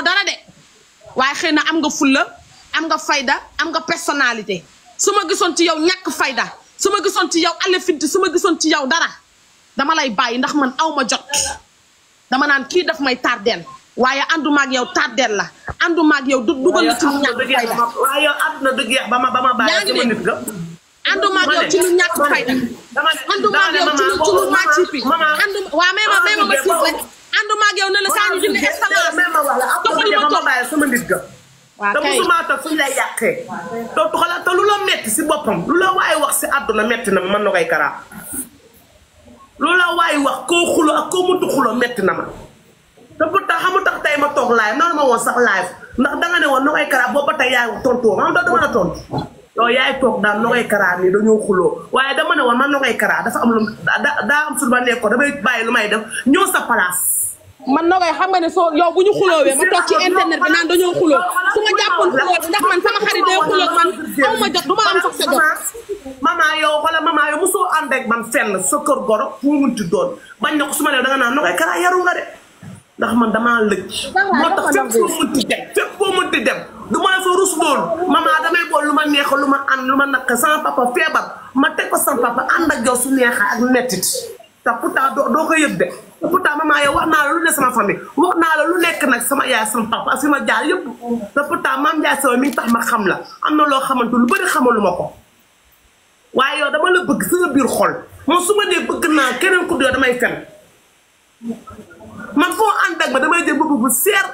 xamoo dara de waaye xëy na am nga fulla am nga fayda am nga personnalité su ma gisoon ci yow ñàkk fayda su ma gisoon ci yow alefinti su ma gisoon ci yow dara dama lay bàyyi ndax man aw ma jot dama naan kii daf may tardeel waaye andu ak yow tardeel la andu ak yow du dugal ci lu ñàkk fayda waaye yow àdduna ba ma ba ma bàyyi sama nit ga ci lu ñàkk fayda ànduma ak yow ci lu ci lu màcc bi sama nit ga. waaw kay te fu ñu lay yàqee. waaw te xoolal lu la metti si boppam lu la waay wax si àdduna metti na ma mën na koy karaa. lu la waay wax koo xulo ak koo mëntu xulo metti na ma. te bu tax xamu tax tey ma toog live noonu ma woon sax live ndax danga ne woon Nogaye Kara boobu ba tey yaay ton woon xam nga yaay toog daal Nogaye Kara nii dañoo xuloo waaye dama ne woon man Nogaye Kara dafa am lu daa am su ma nekkoon damay bàyyi lu may def ñëw sa place. man na koy xam nga ne soo yow bu ñu xuloowee ma toog ci internet bi naan dañoo xuloo su ma jàppoon xuloo bi ndax man sama xarit day xuloo man aw ma jot du ma am yow wala maman yow mosoo ànd ak man fenn sa kër goro fu mu munti doon bañ na ko su ma nee nga naan na koy kara yaru nga de ndax man damaa lëcc moo tax fépp foo munti dem fépp foo munti dem du ma fa rus loolu maman damay bool lu ma neex lu ma ànd lu ma naq sama papa feebar ma teg ko sama papa ànd ak yow su neexa ak mettit te pourtant doo ko yëg de pourtant maman yow wax naa lu ne sama wax naa la lu nekk nag sama yaay sama papa ak fi ma jaar yëpp te pourtant maam Ndiaye sama mi ngi tax ma xam la am na loo xamante lu bëri xamalu ma ko waaye yow dama la bëgg sama biir xol moom su ma dee bëgg naa keneen ku yow damay fen man foo ànd ak ma damay jël bëgg bu seer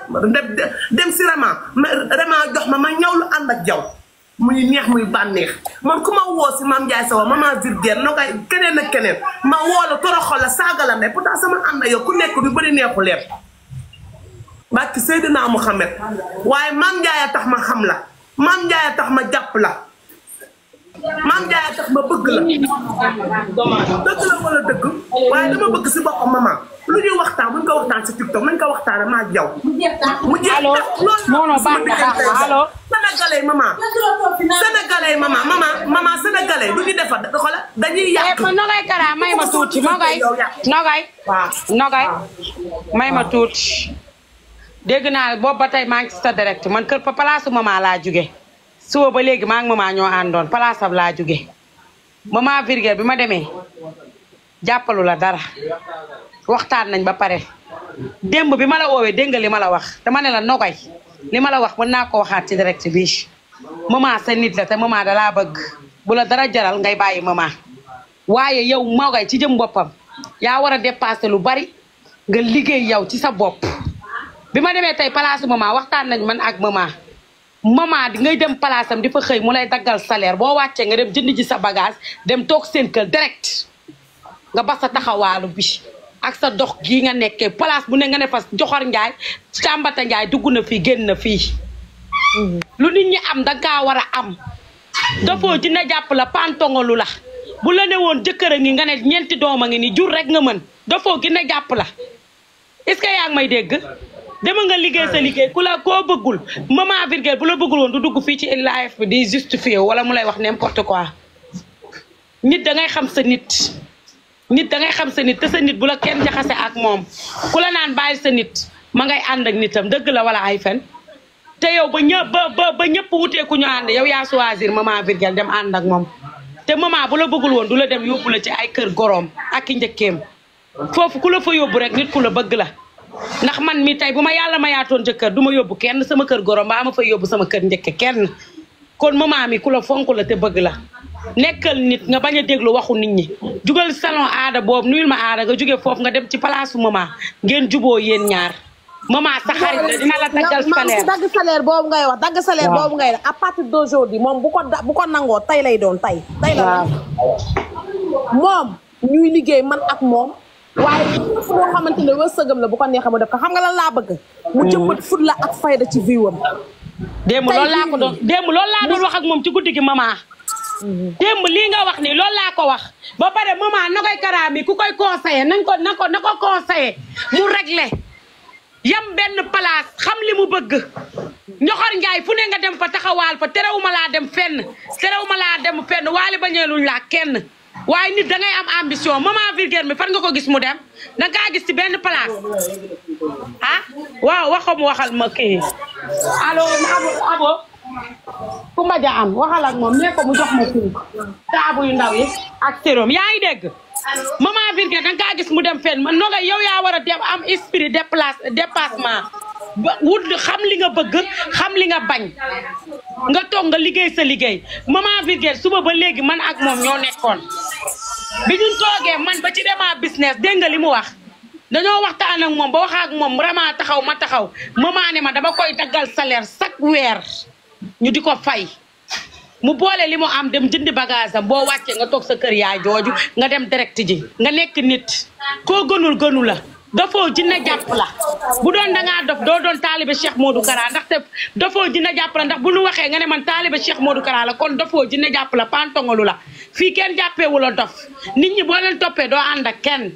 dem si vraiment ma vraiment jox ma ma ñaw lu ànd ak jaw muy neex muy bànneex man ku ma woo si maam Ndiaye Sow maman Zirguère noo koy keneen ak keneen ma woo la xol la saaga la ne pourtant sama am na yow ku nekk du bëri neexu leen naa mu Mouhamed waaye maam Ndiaye tax ma xam la maam Ndiaye tax ma jàpp la maam Ndiaye tax ma bëgg la dëgg la wala dëgg waaye dama bëgg si boppam maman. lu ñuy waxtaan bu ñu ko waxtaan si ma ak yow. mu la sénégalais maman sénégalais eh, kara may ma tuuti nogay nogay. nogay may ma tuuti. dégg naa boobu ba tey maa ngi si sa direct man kër palaasu maman laa jóge suba ba léegi maa ngi maman ñoo àndoon palaasam laa jóge maa virgule bi ma demee jàppalu la dara. waxtaan nañ ba pare demb bi mala la woowee li mala la wax dama ne la nokay li mala wax mën ko ci direct bi Mama sa nit la te mama da la bëgg bu la dara jaral ngay bayyi mama waye yow ngay ci jëm bopam ya wara dépasser lu bari nga liggéey yow ci sa bop bi ma demee place mama waxtaan nañ man ak mama mama di ngay dem place am di fa xëy mu lay daggal salaire bo wacce nga dem jënd ji sa bagage dem tok seen keul direct nga ba sa bi ak sa dox gi nga nekké place bu ne nga ne fa joxor njaay càmbata njaay dugg na fii génn na lu nit ñi am da nga wara am ci na japp la pantongalu la bu la ne won jëkër a ngi nga ne ñeenti dooma ngi ni jur rek nga mën gi na japp la est-ce que may dégg dama nga liggéey sa liggéey kula ko bëggul mama Virgile bu la bëggul won du dugg fi ci life di justifier wala mu lay wax n'importe quoi nit ngay xam sa nit nit da ngay xam sa nit te sa nit bu la kenn jaxase ak moom ku la naan bàyyi sa nit ma ngay ànd ak nitam dëgg la wala ay fen te yow ba ñë ñëpp wutee ku ñu ànd yow yaa choisir maman Virgile dem ànd ak moom te maman bu la bëggul woon du la dem yóbbu la ci ay kër goroom ak ki njëkkeem foofu ku la fa yóbbu rek nit ku la bëgg la ndax man mi tey bu ma yàlla ma yaatoon jëkkër du ma yóbbu kenn sama kër goroom baa ma fa yóbbu sama kër njëkke kenn kon maman mi ku fonk la te bëgg la nekkal nit nga bañ a déglu waxu nit ñi jugal salon aada boobu nuyul ma aada nga jóge foofu nga dem ci palaasu maman ngeen juboo yéen ñaar maman sa xarit la dina la boobu ngay wax dagg salaire boobu ngay wax à partir d'aujourd'hui moom bu ko bu ko nangoo tey lay doon tey tey la moom ñuy liggéey man ak moom waaye fu nga ko neexee mu xam nga lan laa bëgg mu mm. jëmbat fut la ak fayda ci viwam démb loolu laa doon démb loolu laa doon wax moom ci guddi gi maman Mm-hmm. démb lii nga wax ni loolu laa ko wax ba pare maman na koy karaa mi ku koy conseillé nañ ko na ko na ko mu réglé yam benn place xam li mu bëgg ñoxor njaay fu ne nga dem fa taxawaal fa terewuma laa dem fenn terewuma laa dem fenn ba bañeeluñ laa kenn waaye nit da am ambition maman Vulgaire mi fan nga ko gis mu dem da ngaa gis ci benn place ah waaw waxam waxal ma kii allo abo abo ku ma ja am waxal ak moom nee ko mu jox ma suuf saabu yu ndaw ak sérum yaa ngi dégg. maman Virgé da nga gis mu dem fenn man noo yow yaa war a dem am esprit déplace dépassement ba wut xam li nga bëgg xam li nga bañ nga toog nga liggéey sa liggéey maman Virgé suba ba léegi man ak moom ñoo nekkoon. bi ñu toogee man ba ci demaa business dégg nga li mu wax dañoo waxtaan ak moom ba wax moom vraiment taxaw ma taxaw mamaa ne ma dama koy daggal salaire chaque weer. ñu diko ko fay mu boole limu am dem jënd bagage bo wacce nga tok sa kër ya joju nga dem direct ji nga nek nit ko gënul gënu la la bu doon da nga dof do doon talibé Cheikh Modou Kara te dafoo jina japp la ndax bu nu waxé nga né man talibé Cheikh Modou Kara la kon dafoo jina japp la pantongolu la fii kenn jàppeewu la dof nit ñi bo leen topé do and ak kèn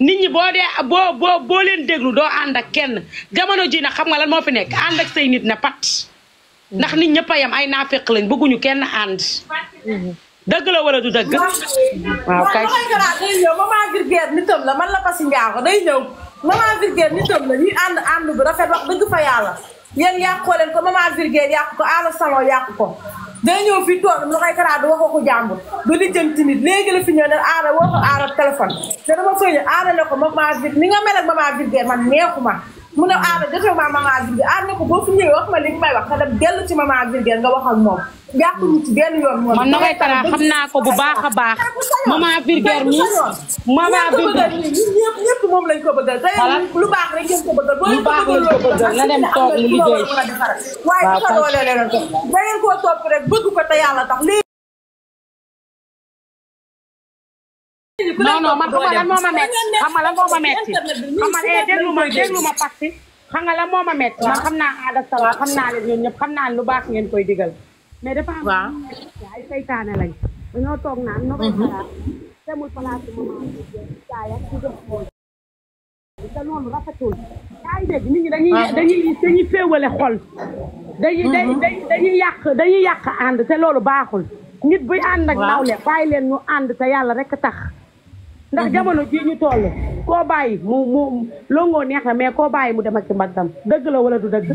nit ñi bo dé bo bo leen déglu do and ak kèn ji xam nga lan mo fi nek and ak say nit pat ndax nit ñëpp yam ay naa naafeq lañ bëgguñu kenn ànd. dëgg la wala du dëgg. waaw kay day ñëw maman la man la Passy Ndiago day ñëw maman Virgère nitam la ñuy ànd ànd bu rafet wax dëgg fa yàlla yéen yàqoo leen ko maman Virgère yàq ko àll salon yàq ko. day ñëw fii toog lu koy karaat du waxoo ko jàmbur du lijjëm timit léegi la fi ñëw ne aara woo ko aara téléphone te dama fay ñëw aara ne ko maman Virgère ni nga mel ma. mu a aada jote ma maman Virgile aada ne ko boo fi ñëwee wax ma li may wax nga dem dellu ci maman Virgile nga wax ak moom. jàppuñu ci benn xam naa ko bu baax a baax. maman Virgile mi maman Virgile ñëpp ñëpp moom lañ ko bëggal. voilà lu baax rek ngeen ko bëggal. lu baax lañ ko bëggal na da ngeen koo topp rek bëgg ko te yàlla tax non non man xam nga lan moo ma metti xam nga lan moo ma metti xam nga eh déglu ma déglu ma Fatou xam nga moo ma xam naa aada sawa xam leen ñoom ñëpp xam naa lu baax ngeen koy digal. mais dafa am na saytaane lañ dañoo toog naan no koy xalaat demul place maman ah. dañuy féewale xol mhm. dañuy dañuy dañuy yàq dañuy yàq ànd te loolu baaxul nit buy ànd ak nawle bàyyi leen ñu ànd te yàlla rek tax ndax mhm. jamono jii ñu toll koo bàyyi mu mu longoo neex na mais koo bàyyi mu dem ak ci mbaggam dëgg la wala du dagg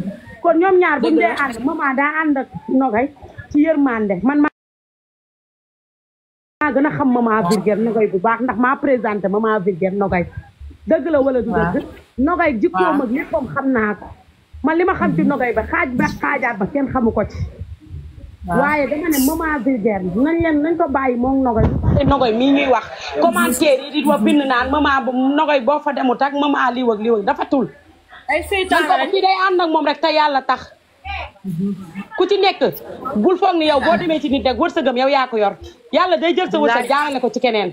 kon ñoom ñaar buñ dee ànd maman daa ànd ak nogay ci yërmande man maa gën a xam maman Vulgaire nogay bu baax ndax maa présenté maman Vulgaire nogay dëgg la wala du dëgg nogay jikkoom ak léppam xam naa ko man li ma xam ci mhm. nogay ba xaaj ba xaajaat ba kenn xamu ko ci waaye dama ne moment vulgaire nañ leen nañ ko bàyyi moom nogoy mi mii ñuy wax commentaire yi di wa bind naan moment bu nogoy boo fa demut ak moment lii wëg lii wëg dafa tul ay seytaan ko ci ànd ak moom rek te yàlla tax ku ci nekk bul foog ni yow boo demee ci nit rek wërsëgam yow yaa ko yor yàlla day jël sa wërsëg jaarale ko ci keneen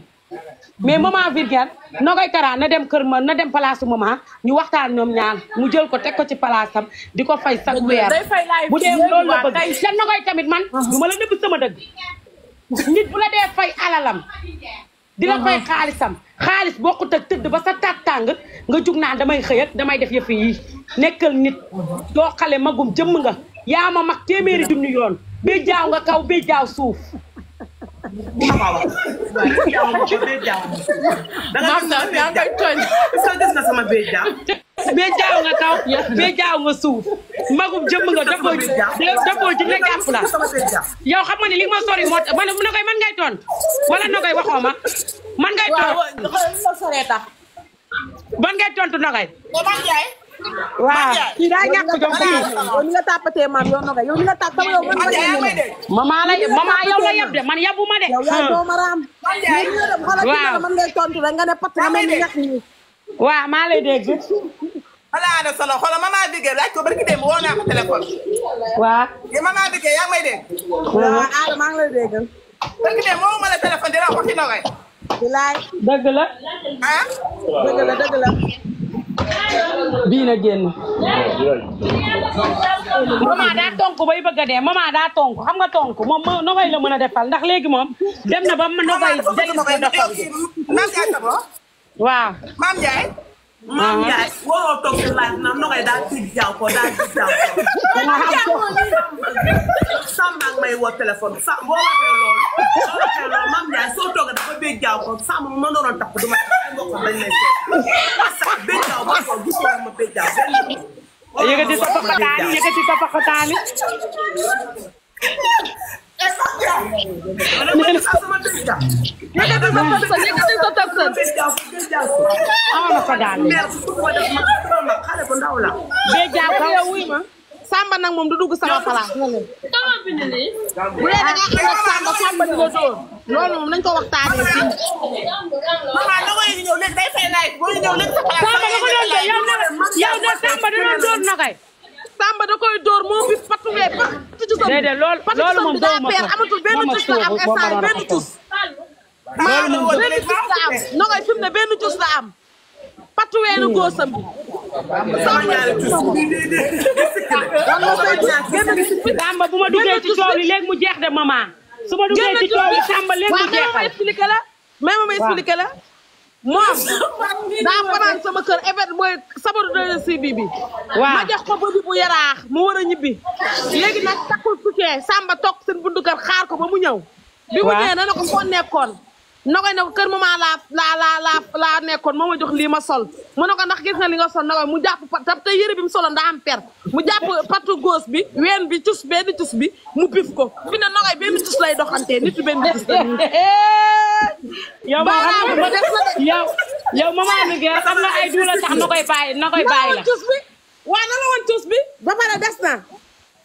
mais maman Virgile Nogay Kara na dem kër ma na dem place maman ñu waxtaan ñoom ñaar mu jël ko teg ko ci place di ko fay sa weer bu dee loolu la bëgg tamit man du ma la nëbb sama nit bu la dee fay alalam di la fay xaalisam xaalis bokkut ak tëdd ba sa taat tàng nga jug naan damay xëy damay def yëf yi nekkal nit doo xale magum jëmm nga yaa ma mag téeméeri junni yoon bee jaaw nga kaw bee jaaw suuf waaw waaw ma jox bee jaaw nga sama bee jaaw. bee jaaw nga kaw bee jaaw nga suuf magum jëmm nga dëppoo ji dëppoo ji nekk am place yow xam nga ni li ma sori moo man na koy man ngay tontu wala na koy man ngay tontu. waaw waaw sore tax. ban ngay tontu na waaw kii daa ñàkk jom kii yow mi nga tàppatee maam yow na nga yow mi nga tàpp sama yow man ma yéene mama la mama yow la yab de man yabu ma de yow yaay dooma raam waaw man ngay tontu rek nga ne pat nga mel ni ñàkk nii waaw maa lay dégg xanaa na solo xoolal maman Bigué laaj ko barki démb woo naa ko téléphone waaw yow maman Bigué yaa ngi may dégg waaw aada maa ngi lay dégg barki démb woo ma la téléphone dina ko ci nogay bilaay dëgg la ah dëgg la dëgg la bii la génn. maman daa tonk bay bëgg a dee maman daa tonk xam nga tonk moom ma la mën a defal ndax léegi moom dem na ba ma nogay. Ah. waaw. Ah. daa tiit jaaw ko daa tiit jaaw ko. may woo téléphone sa boo waxee loolu. boo waxee loolu maam Ndiaye soo toogee dafa bég jaaw ko ma naroon takk du ma. Ayo ka dito pa ayo ka dito pa Samba nang moom du sama palaas. Bu dee da nga ànd ak di la loolu moom nañ ko waxtaanee fii. maman na koy ñëw léegi day na kay. Samba da koy patuwee pat. déedéet loolu loolu moom doomu ma benn tus la am instant na benn tus la patuwee na góosam bi. Samba bu ma duggee ci tool yi léegi mu jeex de maman. su ma duggee ci coow li sàmba léegi mu jeexal waaw ma expliqué la. waaw ma expliqué la. moom fanaan sama kër événement mooy sabaru de si bi ma jox ko ba bu yaraax mu war a ñibbi. léegi nag takkul tukkee sàmba toog seen buntu kër xaar ko ba mu ñëw. bi mu ñëwee na ne ko nekkoon. Nogoy na kër maman la la la la la nekkoon moo ma jox li ma sol mu ne ndax gis na li nga sol Nogoy mu japp pat te yere bi mu soloon nda am per mu japp patu gos bi wen bi tius ben tius bi mu pif ko fi ne Nogoy ben tius lay doxante nitu ben tius la ñu. yow ma mama, nga yow yow mama, mi gër xam na ay duula tax Nogoy bay Nogoy bay la. wa na la won tius bi ba pare des na.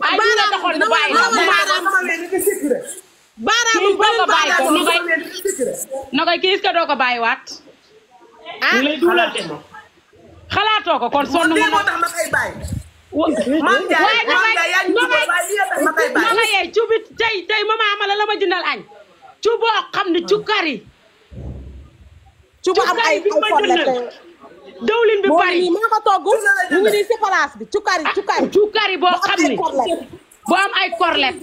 ay duula taxoon mu bàyyi la baaraamu benn baaraamu lu koy na koy kii est-ce que ko bàyyiwaat. ah xalaatoo ko kon sonn mu ne. moo tax ma koy bàyyi. maam Ndiaye maam Ndiaye yaa ngi jubóo waaye lii ma nga yee cubi tey tey mama amala la ma jëndal añ. cuboo xam ne cukkar yi. cubu am ay ay fol la bi bari moo ngi mu ngi nii si place bi cukkar ah, boo xam ne boo am ay korlet.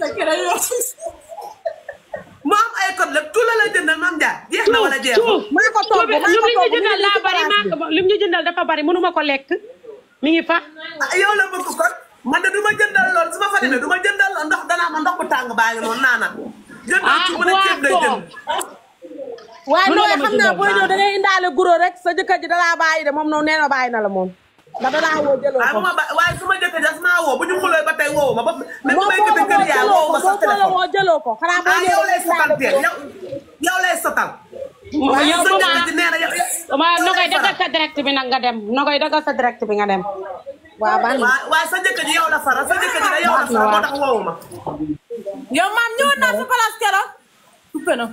ay code la tout la la jëndal maam Dia. jeex na wala jeex may ko toog may ko toog lu mu ñu jëndal laa bari maa ko lu mu ñu jëndal dafa bari mënu ma ko lekk mi ngi fa. Ah, yow la bëgg kon ma jëndal lool su ma fa demee du ma jëndal lool ndox danaa ma ndox bu tàng baa ngi noonu naana. jëndal ah, ci mën a ceeb lay jënd. waaye nooy xam naa booy ñëw da ngay indaale guro rek sa jëkkër ji dalaa bàyyi de moom noonu nee na na la moom. ndax danaa woo jëloo ko waaye su ma jëkkër ji as maa woo bu ñu ko xanaa ah, boo ñëwee yow lay sotal biir yow lay sotal. sa direct bi nag nga dem nogay dagal sa direct bi nga dem. waa baax na waaw sa njëkk ji yow sa njëkk ji la yow moo tax woowu yow maam ñëwoon naa fi place keroog.